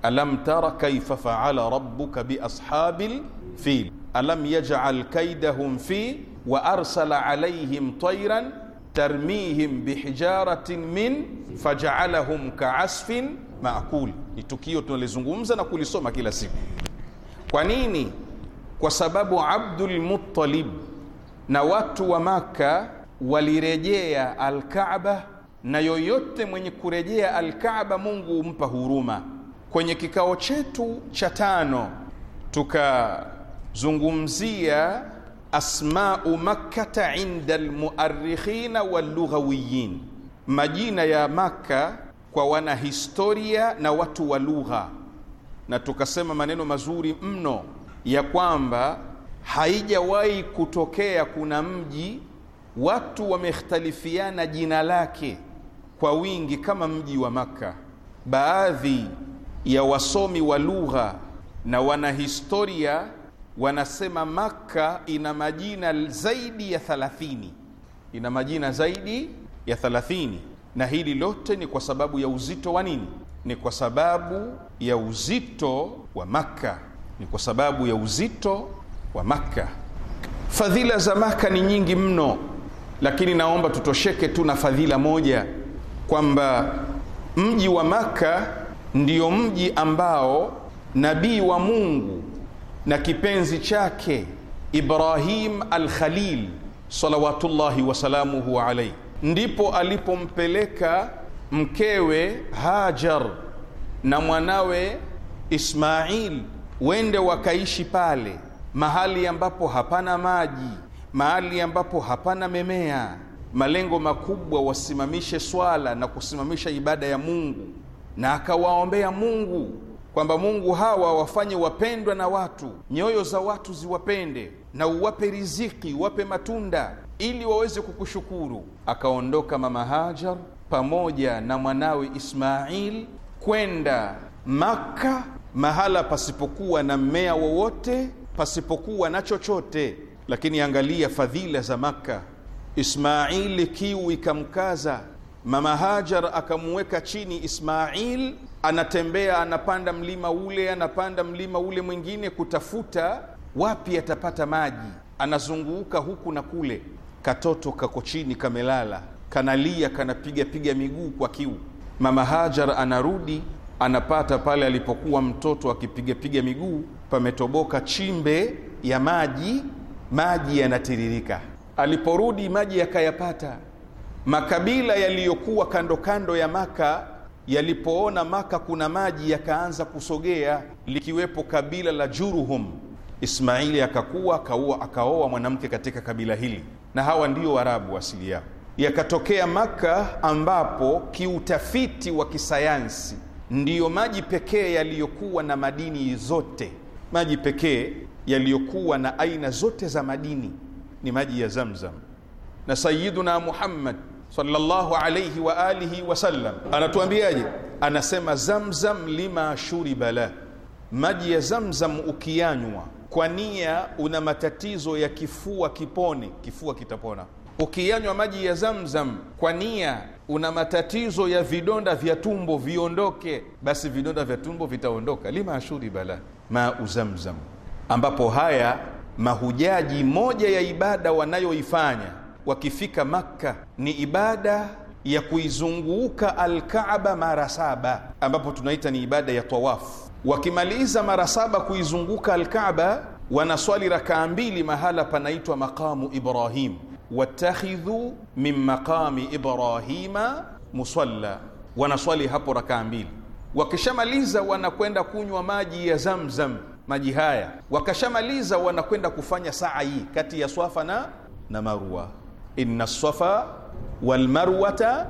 S3: alam tara kaifa faala rabbuka biashabil fil alam yaj'al kaidahum fi wa arsala alayhim tayran tarmihim bihijaratin min faj'alahum ka'asfin maakul. Ni tukio tunalizungumza na kulisoma kila siku. Kwa nini? Kwa sababu Abdul Muttalib na watu wa Maka walirejea Alkaaba, na yoyote mwenye kurejea Alkaaba Mungu humpa huruma. Kwenye kikao chetu cha tano tukazungumzia asmau makkata inda almuarikhina wallughawiyin, majina ya Makka kwa wanahistoria na watu wa lugha, na tukasema maneno mazuri mno ya kwamba haijawahi kutokea kuna mji watu wamekhtalifiana jina lake kwa wingi kama mji wa Makka. Baadhi ya wasomi wa lugha na wanahistoria wanasema Makka ina majina zaidi ya thalathini, ina majina zaidi ya thalathini na hili lote ni kwa sababu ya uzito wa nini? Ni kwa sababu ya uzito wa Makka, ni kwa sababu ya uzito wa Makka. Fadhila za Makka ni nyingi mno lakini naomba tutosheke tu na fadhila moja kwamba mji wa Maka ndiyo mji ambao nabii wa Mungu na kipenzi chake Ibrahim al-Khalil salawatullahi wasalamuhu alaihi ndipo alipompeleka mkewe Hajar na mwanawe Ismail wende wakaishi pale mahali ambapo hapana maji mahali ambapo hapana memea. Malengo makubwa wasimamishe swala na kusimamisha ibada ya Mungu, na akawaombea Mungu kwamba Mungu hawa wafanye wapendwa na watu, nyoyo za watu ziwapende, na uwape riziki, uwape matunda ili waweze kukushukuru. Akaondoka mama Hajar pamoja na mwanawe Ismail kwenda Makka, mahala pasipokuwa na mmea wowote, pasipokuwa na chochote lakini angalia fadhila za Makka. Ismaili kiu ikamkaza, mama Hajar akamweka chini. Ismail anatembea anapanda mlima ule anapanda mlima ule mwingine, kutafuta wapi atapata maji. Anazunguka huku na kule, katoto kako chini, kamelala, kanalia, kanapigapiga miguu kwa kiu. Mama Hajar anarudi anapata pale alipokuwa mtoto akipigapiga miguu, pametoboka chimbe ya maji maji yanatiririka. Aliporudi maji yakayapata. Makabila yaliyokuwa kando kando ya Maka yalipoona Maka kuna maji yakaanza kusogea, likiwepo kabila la Juruhum. Ismaili akakuwa akaua akaoa mwanamke katika kabila hili, na hawa ndio Waarabu asili yao. Yakatokea Maka ambapo kiutafiti wa kisayansi ndiyo maji pekee yaliyokuwa na madini zote, maji pekee yaliyokuwa na aina zote za madini ni maji ya Zamzam. Na Sayyiduna Muhammad sallallahu alayhi wa alihi sallam anatuambiaje? Anasema, zamzam lima shuriba la, maji ya Zamzam ukiyanywa kwa nia una matatizo ya kifua kipone, kifua kitapona. Ukiyanywa maji ya Zamzam kwa nia una matatizo ya vidonda vya tumbo viondoke, basi vidonda vya tumbo vitaondoka. lima shuriba la ma uzamzam ambapo haya mahujaji, moja ya ibada wanayoifanya wakifika Makka ni ibada ya kuizunguka Alkaaba mara saba, ambapo tunaita ni ibada ya tawafu. Wakimaliza mara saba kuizunguka Alkaaba, wanaswali rakaa mbili mahala panaitwa maqamu Ibrahim, watakhidhu min maqami Ibrahima musalla, wanaswali hapo rakaa mbili. Wakishamaliza wanakwenda kunywa maji ya Zamzam maji haya. Wakashamaliza, wanakwenda kufanya sai kati ya Swafa na, na Marwa. inna swafa wal marwata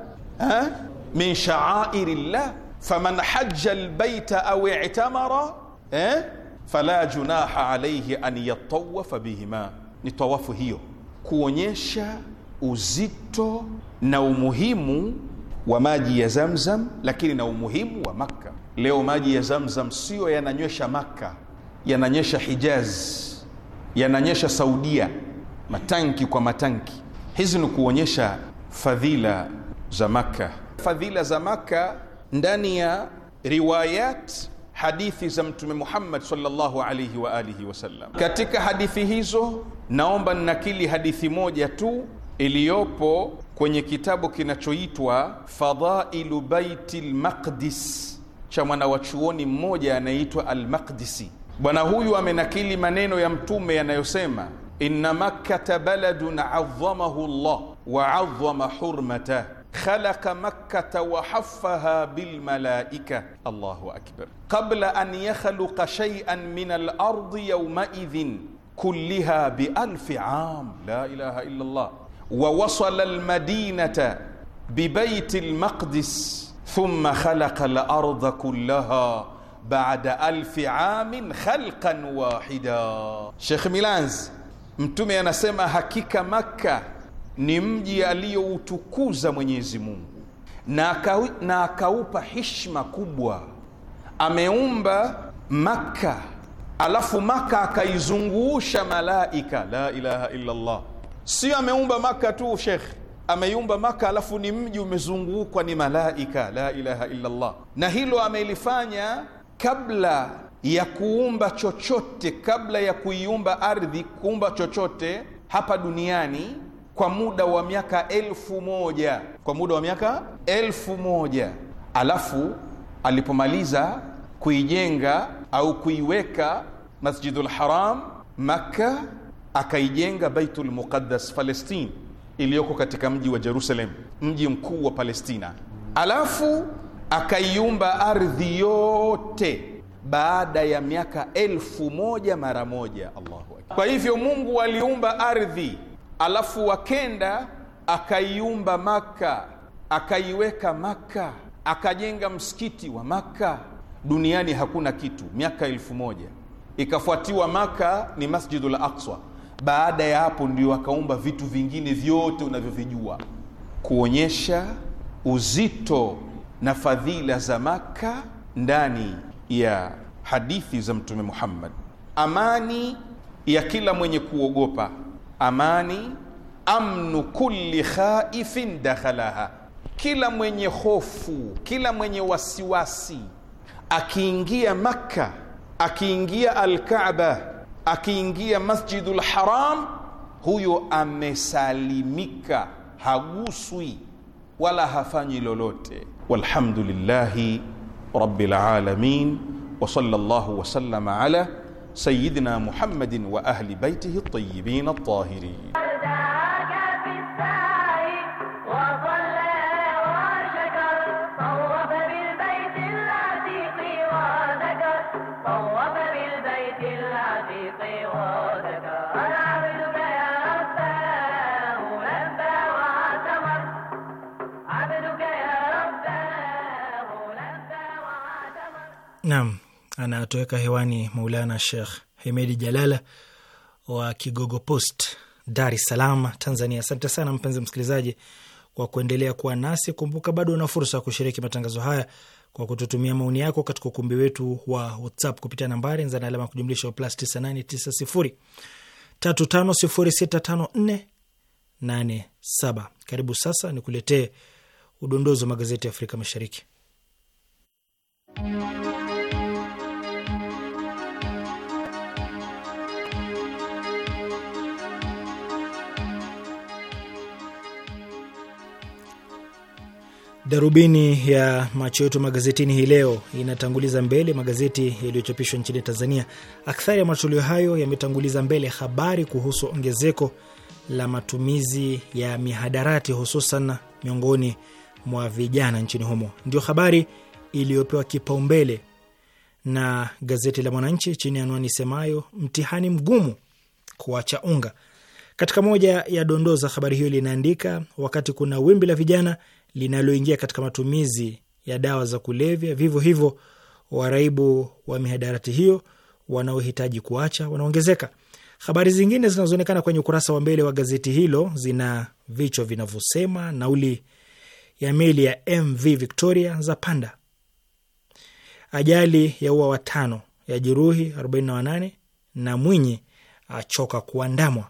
S3: min sha'airi llah faman hajja albaita aw i'tamara eh, fala junaha alayhi an yatawafa bihima. Ni tawafu hiyo kuonyesha uzito na umuhimu wa maji ya Zamzam, lakini na umuhimu wa Makka. Leo maji ya Zamzam siyo yananywesha Makka yananyesha Hijaz, yananyesha Saudia, matanki kwa matanki. Hizi ni kuonyesha fadhila za Makka, fadhila za Makka ndani ya riwayat hadithi za Mtume Muhammad sallallahu alaihi wa alihi wasallam. Katika hadithi hizo, naomba nnakili hadithi moja tu iliyopo kwenye kitabu kinachoitwa Fadailu Baiti lMaqdis cha mwana wa chuoni mmoja anayeitwa Almaqdisi. Bwana huyu amenakili maneno ya Mtume yanayosema inna makkata baladun azamahu Allah wa azama hurmata khalaqa makkata wa haffaha bilmalaika. Allahu akbar. Qabla an yakhluqa shay'an min al-ardi yawmaidhin kulliha bi bialfi am. La ilaha illa Allah. Wa wasala al-madinata bi bibaiti al-maqdis thumma khalaqa al-arda kullaha baada alfi amin khalqan wahida. Sheikh Milanzi, Mtume anasema hakika Makka ni mji aliyoutukuza Mwenyezi Mungu na akaupa hishma kubwa. Ameumba Makka alafu Makka akaizungusha malaika. La ilaha illa Allah, sio ameumba Makka tu Sheikh ameiumba Maka alafu ni mji umezungukwa ni malaika. La ilaha illa Allah, na hilo amelifanya kabla ya kuumba chochote, kabla ya kuiumba ardhi, kuumba chochote hapa duniani kwa muda wa miaka elfu moja kwa muda wa miaka elfu moja alafu alipomaliza kuijenga au kuiweka Masjidul Haram Makka, akaijenga Baitul Muqaddas Palestine iliyoko katika mji wa Jerusalem, mji mkuu wa Palestina, alafu akaiumba ardhi yote baada ya miaka elfu moja mara moja. Allahu akbar! Kwa hivyo Mungu aliumba ardhi, alafu wakenda akaiumba Maka, akaiweka Maka, akajenga msikiti wa Maka. Duniani hakuna kitu, miaka elfu moja ikafuatiwa Maka ni Masjidul Aqsa. Baada ya hapo ndio akaumba vitu vingine vyote unavyovijua, kuonyesha uzito na fadhila za Makka ndani ya hadithi za Mtume Muhammad, amani ya kila mwenye kuogopa, amani amnu kulli khaifin dakhalaha, kila mwenye hofu, kila mwenye wasiwasi akiingia Makka, akiingia Alkaaba, akiingia Masjidul Haram, huyo amesalimika, haguswi wala hafanyi lolote. والحمد لله رب العالمين وصلى الله وسلم على سيدنا محمد واهل بيته الطيبين الطاهرين
S1: Naam, anatoweka hewani Maulana Sheikh Hemedi Jalala wa Kigogo Post, Dar es Salaam, Tanzania. Asante sana mpenzi msikilizaji kwa kuendelea kuwa nasi. Kumbuka bado una fursa ya kushiriki matangazo haya kwa kututumia maoni yako katika ukumbi wetu wa WhatsApp kupitia nambari nzana alama ya kujumlisha plus 98 Karibu sasa ni kuletee udondozi wa magazeti ya Afrika Mashariki. Darubini ya macho yetu magazetini hii leo inatanguliza mbele magazeti yaliyochapishwa nchini Tanzania. Akthari ya matoleo hayo yametanguliza mbele habari kuhusu ongezeko la matumizi ya mihadarati hususan miongoni mwa vijana nchini humo, ndio habari iliyopewa kipaumbele na gazeti la Mwananchi chini ya anwani semayo mtihani mgumu kuacha unga. Katika moja ya dondoo za habari hiyo linaandika, wakati kuna wimbi la vijana linaloingia katika matumizi ya dawa za kulevya. Vivyo hivyo, waraibu wa mihadarati hiyo wanaohitaji kuacha wanaongezeka. Habari zingine zinazoonekana kwenye ukurasa wa mbele wa gazeti hilo zina vichwa vinavyosema: nauli ya meli ya MV Victoria za panda, ajali ya ua watano ya jeruhi 48 na Mwinyi achoka kuandamwa.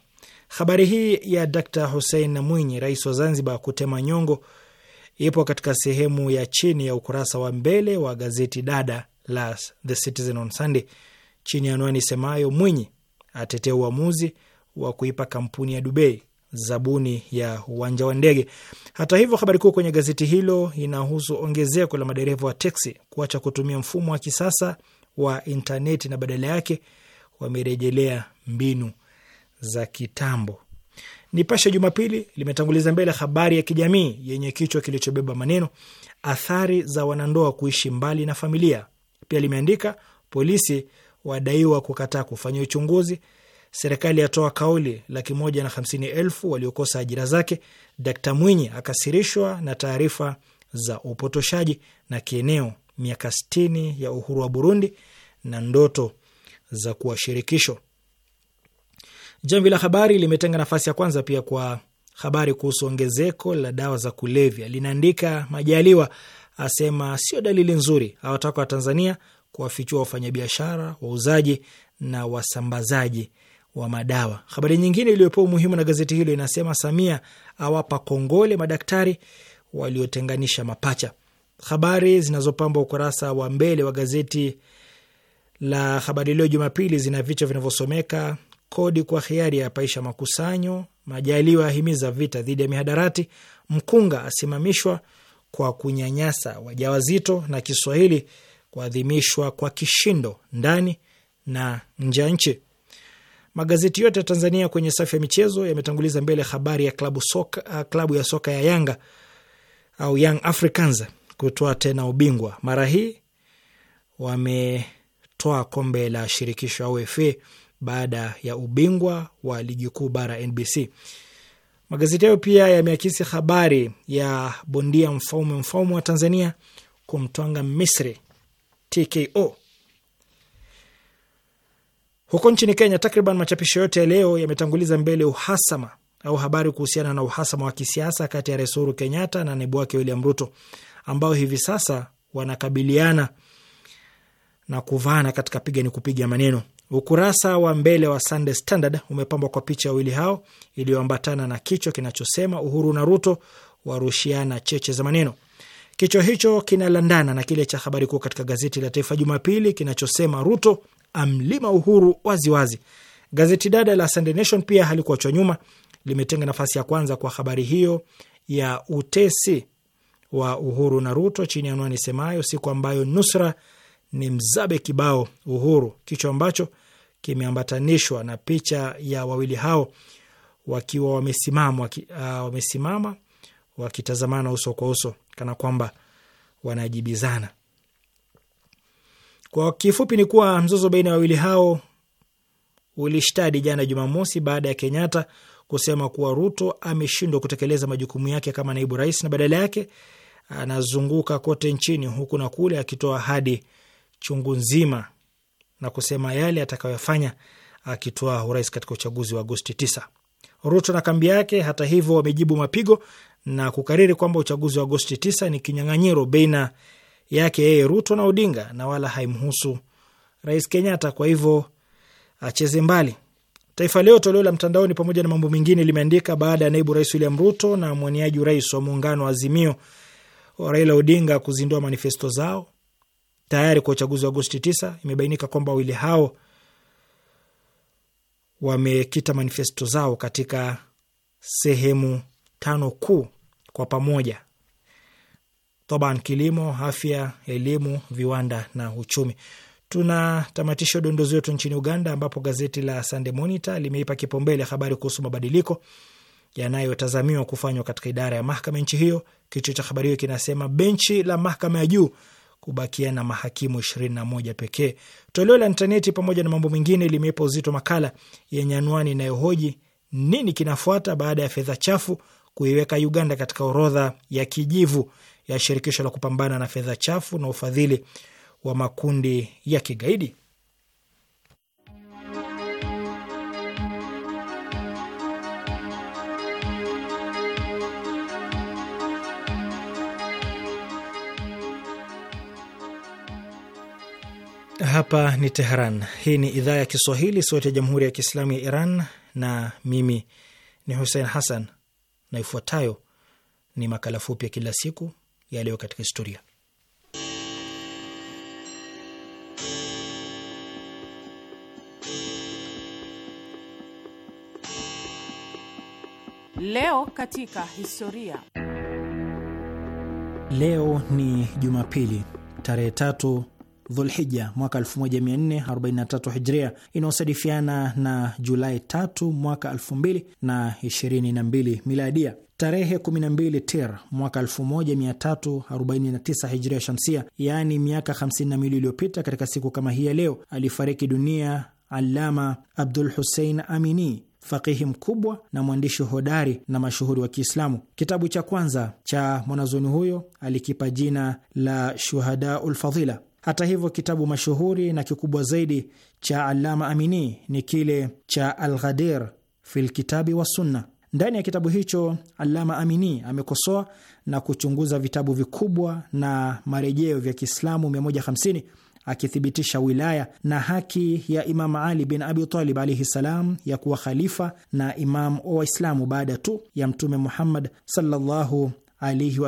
S1: Habari hii ya Dr Hussein Mwinyi, rais wa Zanzibar, kutema nyongo ipo katika sehemu ya chini ya ukurasa wa mbele wa gazeti dada la The Citizen on Sunday chini ya anwani semayo Mwinyi atetea uamuzi wa kuipa kampuni ya Dubai zabuni ya uwanja wa ndege. Hata hivyo, habari kuu kwenye gazeti hilo inahusu ongezeko la madereva wa teksi kuacha kutumia mfumo wa kisasa wa intaneti na badala yake wamerejelea mbinu za kitambo. Nipashe Jumapili limetanguliza mbele habari ya kijamii yenye kichwa kilichobeba maneno athari za wanandoa kuishi mbali na familia. Pia limeandika polisi wadaiwa kukataa kufanya uchunguzi, serikali yatoa kauli laki moja na hamsini elfu waliokosa ajira zake, Dkt Mwinyi akasirishwa na taarifa za upotoshaji, na kieneo miaka sitini ya uhuru wa Burundi na ndoto za kuwashirikisho Jamvi la Habari limetenga nafasi ya kwanza pia kwa habari kuhusu ongezeko la dawa za kulevya. Linaandika, Majaliwa asema sio dalili nzuri, awataka Watanzania kuwafichua wafanyabiashara, wauzaji na wasambazaji wa madawa. Habari nyingine iliyopewa umuhimu na gazeti hilo inasema, Samia awapa kongole madaktari waliotenganisha mapacha. Habari zinazopamba ukurasa wa mbele wa gazeti la Habari Leo Jumapili zina vichwa vinavyosomeka kodi kwa hiari ya paisha makusanyo, Majaliwa ahimiza vita dhidi ya mihadarati, mkunga asimamishwa kwa kunyanyasa wajawazito, na Kiswahili kuadhimishwa kwa kishindo ndani na nje ya nchi. Magazeti yote ya Tanzania kwenye safu ya michezo yametanguliza mbele habari ya klabu, soka, uh, klabu ya soka ya Yanga au Young Africans kutoa tena ubingwa. Mara hii wametoa kombe la shirikisho au FA baada ya ubingwa wa ligi kuu bara NBC. Magazeti hayo pia yameakisi habari ya bondia mfaume mfaume wa Tanzania kumtwanga Misri TKO. Huko nchini Kenya, takriban machapisho yote ya leo yametanguliza mbele uhasama au habari kuhusiana na uhasama wa kisiasa kati ya Rais Uhuru Kenyatta na naibu wake William Ruto ambao hivi sasa wanakabiliana na kuvana katika piga ni kupiga maneno. Ukurasa wa mbele wa Sunday Standard umepambwa kwa picha ya wawili hao iliyoambatana na kichwa kinachosema Uhuru na Ruto warushiana cheche za maneno. Kichwa hicho kinalandana na kile cha habari kuu katika gazeti la Taifa Jumapili kinachosema Ruto amlima Uhuru waziwazi wazi. Gazeti dada la Sunday Nation pia halikuachwa nyuma, limetenga nafasi ya kwanza kwa habari hiyo ya utesi wa Uhuru na Ruto chini ya anwani semayo siku ambayo nusra ni mzabe kibao Uhuru, kichwa ambacho kimeambatanishwa na picha ya wawili hao wakiwa wamesimama waki, uh, wamesimama wakitazamana uso kwa uso kana kwamba wanajibizana. Kwa kifupi ni kuwa mzozo baina ya wawili hao ulishtadi jana Jumamosi baada ya Kenyatta kusema kuwa Ruto ameshindwa kutekeleza majukumu yake kama naibu rais na badala yake anazunguka kote nchini huku na kule akitoa ahadi chungu nzima na kusema yale atakayofanya akitoa urais katika uchaguzi wa Agosti 9. Ruto na kambi yake, hata hivyo, wamejibu mapigo na kukariri kwamba uchaguzi wa Agosti 9 ni kinyang'anyiro baina yake yeye Ruto na Odinga na wala haimhusu Rais Kenyatta, kwa hivyo acheze mbali. Taifa Leo toleo la mtandaoni, pamoja na mambo mengine, limeandika baada ya naibu rais William Ruto na mwaniaji urais wa muungano wa Azimio Raila Odinga kuzindua manifesto zao, tayari kwa uchaguzi wa Agosti 9. Imebainika kwamba wawili hao wamekita manifesto zao katika sehemu tano kuu kwa pamoja Toban: kilimo, afya, elimu, viwanda na uchumi. Tunatamatisha udondozi wetu nchini Uganda, ambapo gazeti la Sunday Monitor limeipa kipaumbele habari kuhusu mabadiliko yanayotazamiwa kufanywa katika idara ya mahakama nchi hiyo. Kichwa cha habari hiyo kinasema benchi la mahakama ya juu kubakia na mahakimu 21 pekee. Toleo la intaneti pamoja na mambo mengine limeipa uzito makala yenye anwani inayohoji nini kinafuata baada ya fedha chafu kuiweka Uganda katika orodha ya kijivu ya shirikisho la kupambana na fedha chafu na ufadhili wa makundi ya kigaidi. Hapa ni Teheran. Hii ni idhaa ya Kiswahili, sauti ya jamhuri ya kiislamu ya Iran, na mimi ni Hussein Hassan, na ifuatayo ni makala fupi ya kila siku yaliyo katika historia.
S2: Leo katika historia.
S1: Leo ni Jumapili tarehe tatu Dhulhija mwaka 1443 Hijria, inayosadifiana na Julai 3 mwaka 2022 Miladia. Tarehe 12 Tir mwaka 1349 Hijria Shamsia, yaani miaka 52 iliyopita, katika siku kama hii ya leo alifariki dunia Allama Abdul husein Amini, fakihi mkubwa na mwandishi hodari na mashuhuri wa Kiislamu. Kitabu cha kwanza cha mwanazoni huyo alikipa jina la shuhadaulfadhila hata hivyo, kitabu mashuhuri na kikubwa zaidi cha Allama Amini ni kile cha Alghadir fi lkitabi wa Sunna. Ndani ya kitabu hicho Allama Amini amekosoa na kuchunguza vitabu vikubwa na marejeo vya Kiislamu 150 akithibitisha wilaya na haki ya Imam Ali bin Abi Talib alaihi salam ya kuwa khalifa na imam wa Waislamu baada tu ya Mtume Muhammad sallallahu alaihi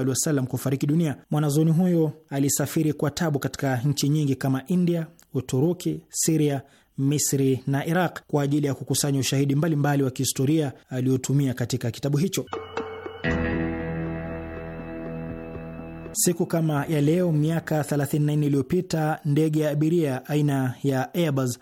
S1: kufariki dunia. mwanazoni huyo alisafiri kwa tabu katika nchi nyingi kama India, Uturuki, Siria, Misri na Iraq kwa ajili ya kukusanya ushahidi mbalimbali mbali wa kihistoria aliyotumia katika kitabu hicho. Siku kama ya leo miaka 34 iliyopita ndege ya abiria aina ya Airbus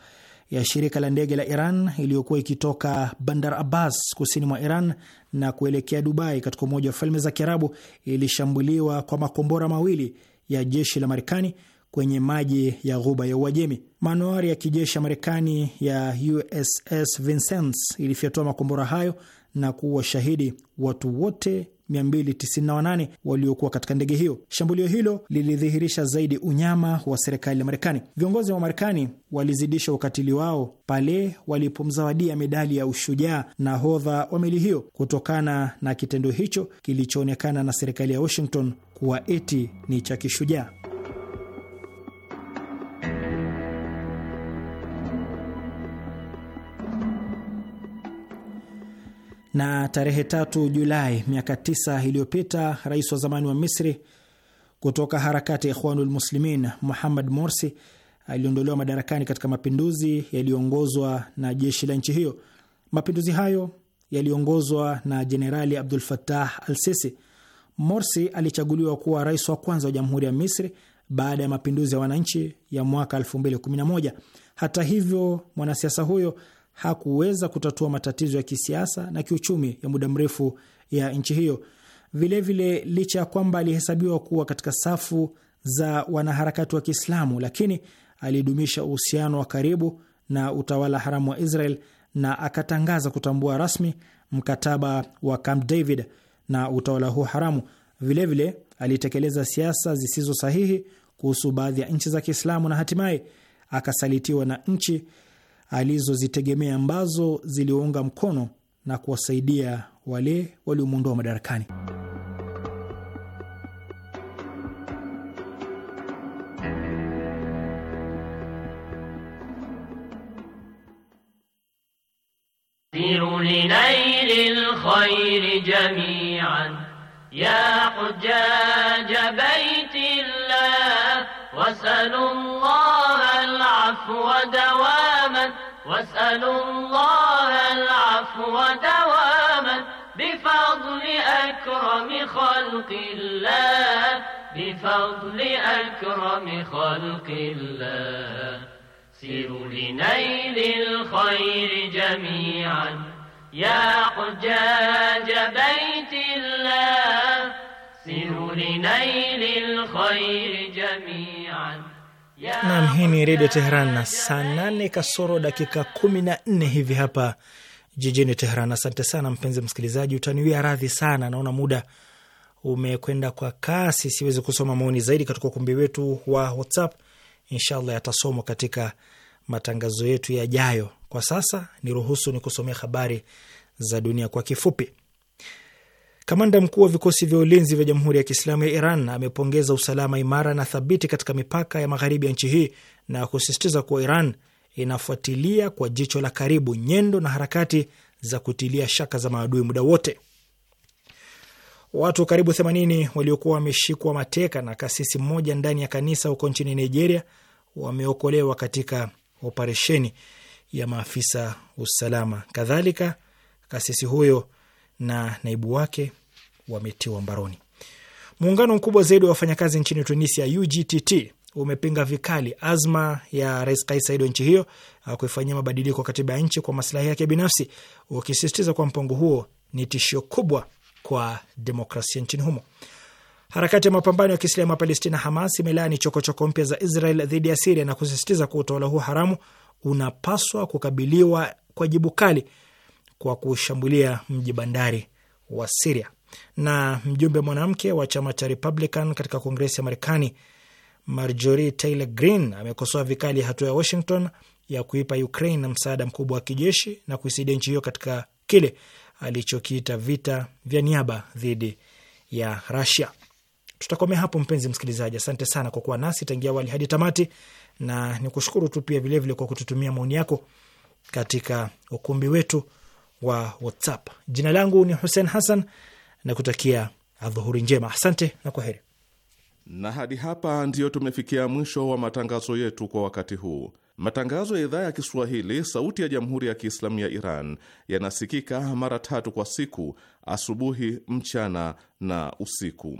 S1: ya shirika la ndege la Iran iliyokuwa ikitoka Bandar Abbas kusini mwa Iran na kuelekea Dubai katika Umoja wa Falme za Kiarabu ilishambuliwa kwa makombora mawili ya jeshi la Marekani kwenye maji ya ghuba ya Uajemi. Manuari ya kijeshi ya Marekani ya USS Vincennes ilifyatua makombora hayo na kuua shahidi watu wote 298 waliokuwa katika ndege hiyo. Shambulio hilo lilidhihirisha zaidi unyama wa serikali ya Marekani. Viongozi wa Marekani walizidisha ukatili wao pale walipomzawadia medali ya ushujaa nahodha wa meli hiyo kutokana na kitendo hicho kilichoonekana na serikali ya Washington kuwa eti ni cha kishujaa. na tarehe tatu Julai miaka tisa iliyopita rais wa zamani wa Misri kutoka harakati ya Ikhwanul Muslimin Muhammad Morsi aliondolewa madarakani katika mapinduzi yaliyoongozwa na jeshi la nchi hiyo. Mapinduzi hayo yaliongozwa na Jenerali Abdul Fattah al-Sisi. Morsi alichaguliwa kuwa rais wa kwanza wa Jamhuri ya Misri baada ya mapinduzi ya wananchi ya mwaka 2011. Hata hivyo, mwanasiasa huyo hakuweza kutatua matatizo ya kisiasa na kiuchumi ya muda mrefu ya nchi hiyo. Vilevile, licha ya kwamba alihesabiwa kuwa katika safu za wanaharakati wa Kiislamu, lakini alidumisha uhusiano wa karibu na utawala haramu wa Israel na akatangaza kutambua rasmi mkataba wa Camp David na utawala huo haramu. Vilevile vile, alitekeleza siasa zisizo sahihi kuhusu baadhi ya nchi za Kiislamu na hatimaye akasalitiwa na nchi alizozitegemea ambazo ziliwaunga mkono na kuwasaidia wale waliomwondoa madarakani.
S2: Ya baitillah العفو دواما واسأل الله العفو دواما بفضل أكرم خلق الله بفضل أكرم خلق الله سيروا لنيل الخير جميعا يا حجاج بيت الله سيروا لنيل الخير جميعا
S1: nam hii ni Redio Teheran na saa nane kasoro dakika kumi na nne hivi hapa jijini Teheran. Asante sana mpenzi msikilizaji, utaniwia radhi sana, naona muda umekwenda kwa kasi, siwezi kusoma maoni zaidi katika ukumbi wetu wa WhatsApp. Inshallah yatasomwa katika matangazo yetu yajayo. Kwa sasa ni ruhusu ni kusomea habari za dunia kwa kifupi. Kamanda mkuu wa vikosi vya ulinzi vya Jamhuri ya Kiislamu ya Iran amepongeza usalama imara na thabiti katika mipaka ya magharibi ya nchi hii na kusisitiza kuwa Iran inafuatilia kwa jicho la karibu nyendo na harakati za kutilia shaka za maadui muda wote. Watu karibu 80 waliokuwa wameshikwa mateka na kasisi mmoja ndani ya kanisa huko nchini Nigeria wameokolewa katika operesheni ya maafisa usalama. Kadhalika, kasisi huyo na naibu wake wametiwa mbaroni. Muungano mkubwa zaidi wa wafanyakazi nchini Tunisia, UGTT, umepinga vikali azma ya Rais Kais Saied wa nchi hiyo uh, kuifanyia mabadiliko katiba ya nchi kwa maslahi yake binafsi, ukisisitiza kwa mpango huo ni tishio kubwa kwa demokrasia nchini humo. Harakati ya mapambano ya Kiislamu ya Palestina, Hamas, imelaani chokochoko mpya za Israel dhidi ya Siria na kusisitiza kuwa utawala huo haramu unapaswa kukabiliwa kwa jibu kali kwa kushambulia mji bandari wa Siria na mjumbe mwanamke wa chama cha Republican katika Kongresi ya Marekani Marjorie Taylor Greene amekosoa vikali hatua ya Washington ya kuipa Ukraine na msaada mkubwa wa kijeshi na kuisaidia nchi hiyo katika kile alichokiita vita vya niaba dhidi ya Russia. Tutakomea hapo mpenzi msikilizaji, asante sana kwa kuwa nasi tangia awali hadi tamati, na ni kushukuru tu pia vilevile kwa kututumia maoni yako katika ukumbi wetu wa WhatsApp. Jina langu ni Hussein Hassan na kutakia adhuhuri njema. Asante na kwa heri.
S4: Na hadi hapa ndiyo tumefikia mwisho wa matangazo yetu kwa wakati huu. Matangazo ya idhaa ya Kiswahili sauti ya jamhuri ya Kiislamu ya Iran yanasikika mara tatu kwa siku: asubuhi, mchana na usiku.